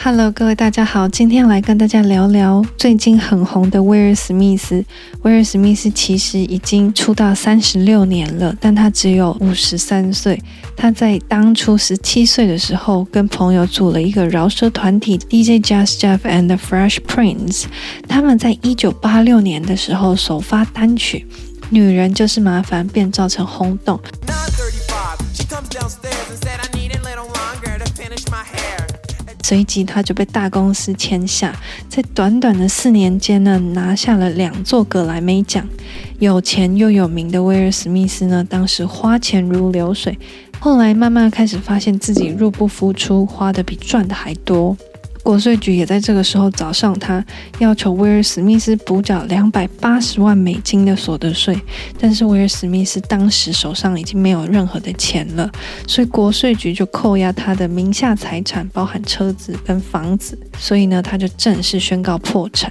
Hello，各位大家好，今天來跟大家聊聊最近很紅的威爾·史密斯。威爾·史密斯其實已經出道三十六年了，但他只有五十三歲。他在當初十七歲的時候，跟朋友組了一個饒舌團體 DJ Jazzy Jeff and the Fresh Prince。他們在一九八六年的時候首發單曲《女人就是麻煩》，便造成轟動。隨即他就被大公司簽下，在短短的四年間呢，拿下了兩座格萊美獎。有錢又有名的威爾史密斯呢，當時花錢如流水，後來慢慢開始發現自己入不敷出，花的比賺的還多。國稅局也在這個時候找上他，要求威爾·史密斯補繳兩百八十萬美金的所得稅。但是威爾·史密斯當時手上已經沒有任何的錢了，所以國稅局就扣押他的名下財產，包含車子跟房子。所以呢，他就正式宣告破產。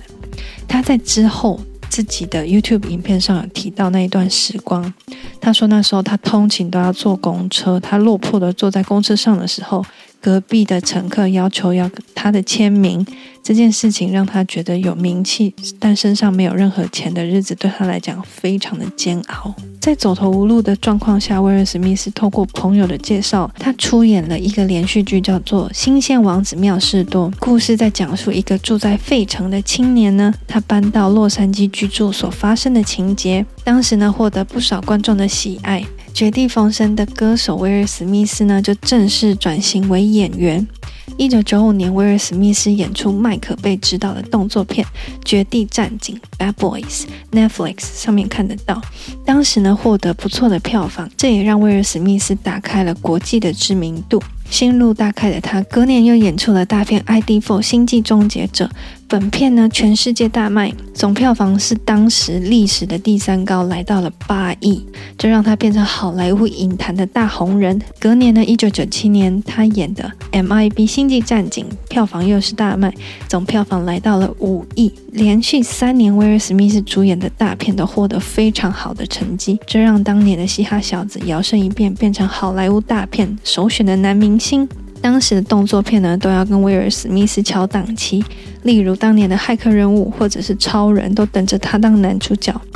他在之後自己的 YouTube 影片上有提到那一段時光，他說那時候他通勤都要坐公車，他落魄的坐在公車上的時候。隔壁的乘客要求要他的簽名，這件事情讓他覺得有名氣，但身上沒有任何錢的日子對他來講非常的煎熬。在走投無路的狀況下，威爾·史密斯透過朋友的介紹，他出演了一個連續劇，叫做《新鮮王子妙事多》。故事在講述一個住在費城的青年呢，他搬到洛杉磯居住所發生的情節。當時呢，獲得不少觀眾的喜愛。絕地逢生的歌手威爾·史密斯呢，就正式轉型為演員。一九九五年，威爾·史密斯演出邁克·貝執導的動作片《絕地戰警》（Bad Boys），Netflix 上面看得到。當時呢，獲得不錯的票房，這也讓威爾·史密斯打開了國際的知名度。心路大開的他，隔年又演出了大片 ID4《星際終結者》。本片呢，全世界大賣，總票房是當時歷史的第三高，來到了八億，這讓他變成好萊塢影壇的大紅人。隔年呢，一九九七年，他演的《MIB 星際戰警》票房又是大賣，總票房來到了五億，連續三年威爾·史密斯主演的大片都獲得非常好的成績，這讓當年的嘻哈小子搖身一變，變成好萊塢大片首選的男明星。當時的動作片呢，都要跟威爾·史密斯搶檔期，例如當年的《駭客任務》或者是《超人》，都等着他當男主角。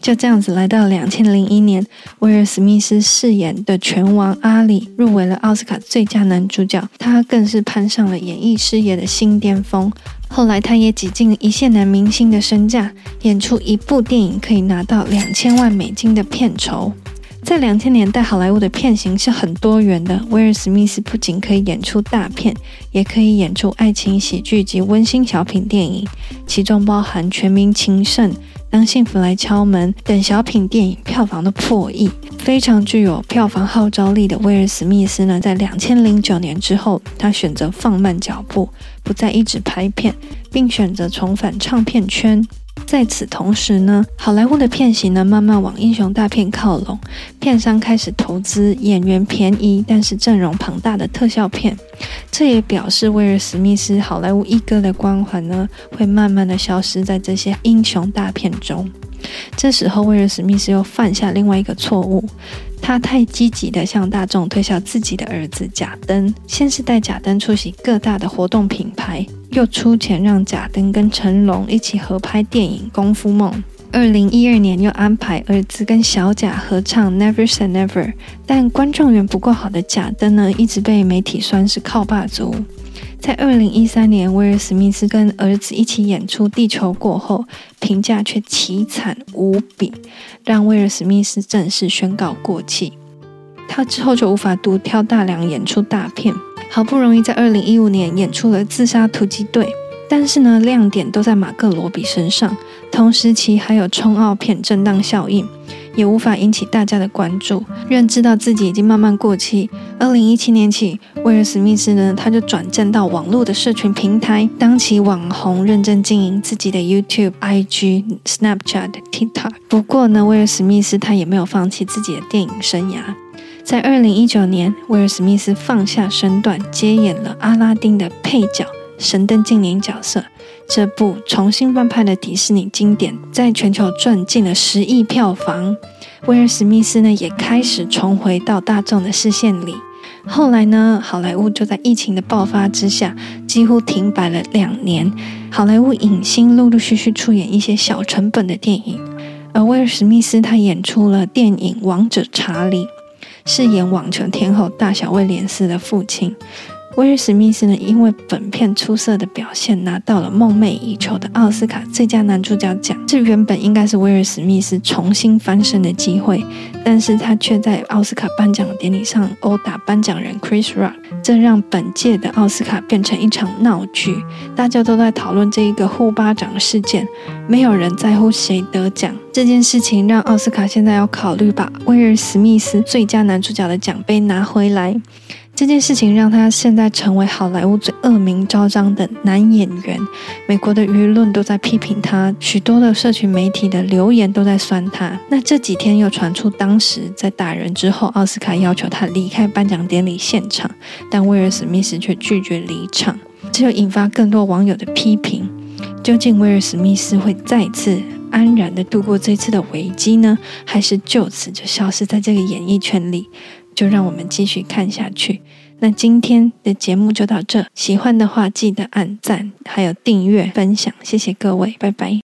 就這樣子，來到兩千零一年，威爾·史密斯飾演的拳王阿裡入圍了奧斯卡最佳男主角，他更是攀上了演藝事業的新巔峰。後來，他也擠進了一線男明星的身價，演出一部電影可以拿到兩千萬美金的片酬。在兩千年代，好萊塢的片型是很多元的。威爾·史密斯不僅可以演出大片，也可以演出愛情喜劇及溫馨小品電影，其中包含《全民情聖》。當幸福來敲門等小品電影票房的破億，非常具有票房號召力的威爾·史密斯呢，在兩千零九年之後，他選擇放慢腳步，不再一直拍片，並選擇重返唱片圈。在此同時呢，好萊塢的片型呢慢慢往英雄大片靠攏，片商開始投資演員便宜但是陣容龐大的特效片，這也表示威爾史密斯好萊塢一哥的光環呢會慢慢的消失在這些英雄大片中。這時候威爾史密斯又犯下另外一個錯誤，他太積極的向大眾推銷自己的兒子賈登，先是帶賈登出席各大的活動品牌。又出錢讓賈登跟成龍一起合拍電影《功夫夢》。二零一二年又安排兒子跟小賈合唱《Never Say Never》，但觀眾緣不夠好的賈登呢，一直被媒體酸是靠爸族。在二零一三年威爾史密斯跟兒子一起演出《地球》過後，評價卻淒慘無比，讓威爾史密斯正式宣告過氣。他之後就無法獨挑大梁演出大片，好不容易在二零一五年演出了《自殺突擊隊》，但是呢，亮點都在馬克羅比身上。同時期還有衝奧片震盪效應，也無法引起大家的關注，認知到自己已經慢慢過期。二零一七年起，威爾·史密斯呢，他就轉戰到網絡的社群平台，當起網紅，認真經營自己的 YouTube、IG、Snapchat、TikTok。不過呢，威爾·史密斯他也沒有放棄自己的電影生涯。在二零一九年，威爾·史密斯放下身段接演了《阿拉丁》的配角神燈精靈角色。這部重新翻拍的迪士尼經典，在全球賺進了十億票房。威爾·史密斯呢，也開始重回到大眾的視線裡。後來呢，好萊塢就在疫情的爆發之下，幾乎停擺了兩年。好萊塢影星陸陸續續出演一些小成本的電影，而威爾·史密斯他演出了電影《王者查理》。飾演網球天后大小威廉斯的父親。威爾史密斯呢，因為本片出色的表現，拿到了夢寐以求的奧斯卡最佳男主角獎。這原本應該是威爾史密斯重新翻身的機會，但是他卻在奧斯卡頒獎典禮上毆打頒獎人 Chris Rock，這讓本屆的奧斯卡變成一場鬧劇。大家都在討論這一個互巴掌的事件，沒有人在乎誰得獎。這件事情讓奧斯卡現在要考慮把威爾史密斯最佳男主角的獎盃拿回來。這件事情讓他現在成為好萊塢最惡名昭彰的男演員，美國的輿論都在批評他，許多的社群媒體的留言都在酸他。那這幾天又傳出，當時在打人之後，奧斯卡要求他離開頒獎典禮現場，但威爾史密斯卻拒絕離場，這就引發更多網友的批評。究竟威爾史密斯會再次安然地度過這次的危機呢？還是就此就消失在這個演藝圈裡？就讓我們繼續看下去。那今天的節目就到這，喜歡的話記得按讚，還有訂閱、分享，謝謝各位，拜拜。